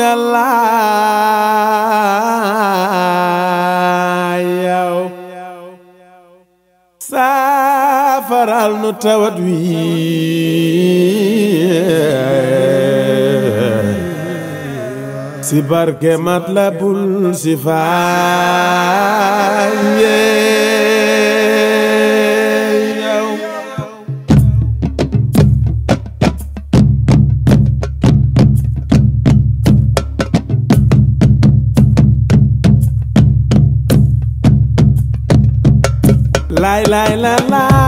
yàlla yaw nu tawat wi si barke Matlabul Sifaat la la la la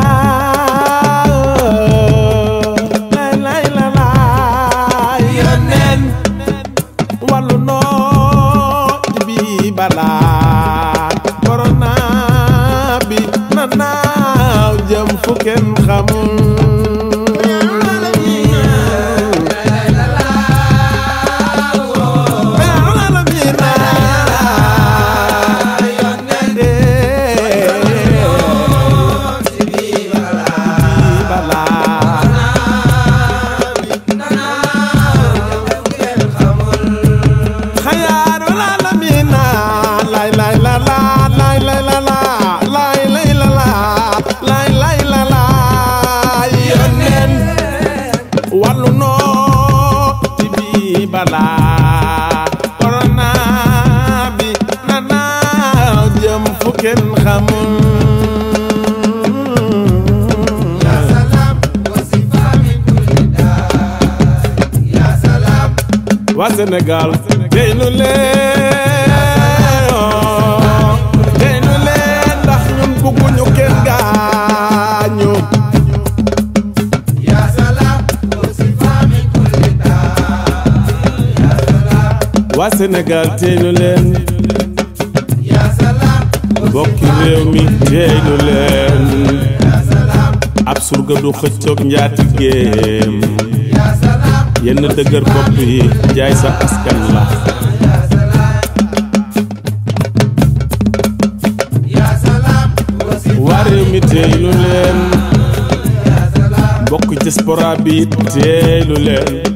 balaa corona bi na naaw jëm fu kenn xamul waa Sénégal tey nu leen waa Sénégal teelu leen bokki réew mi teelu leen ab surga du xëccoog njaatigéem yenn dëgër bopp yi jaay sa askan la waa réew mi teelu leen bokk diaspora bi teelu leen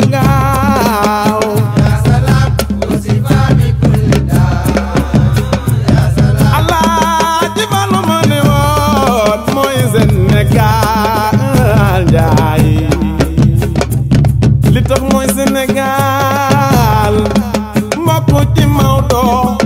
tax mooy Sénégal mbokk ci Maodo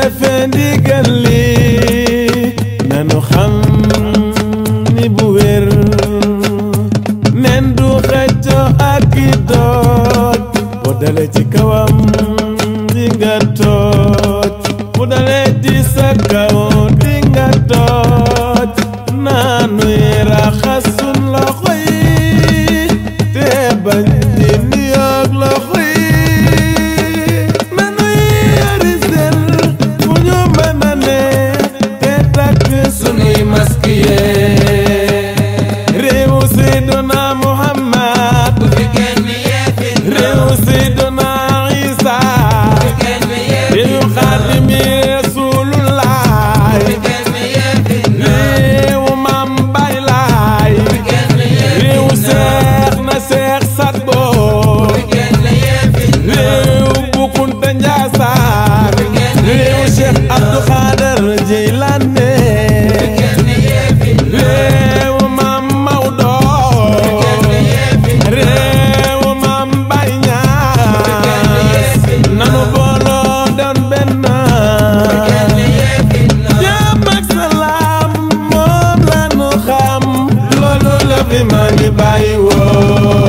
jëfe ndigal li nanu xam ni bu wér nen du xëcco ak i doot bu dale ci kawam di nga toot bu dale ci sa di nga toot naanuy raxas mi mọ̀ ní báyìí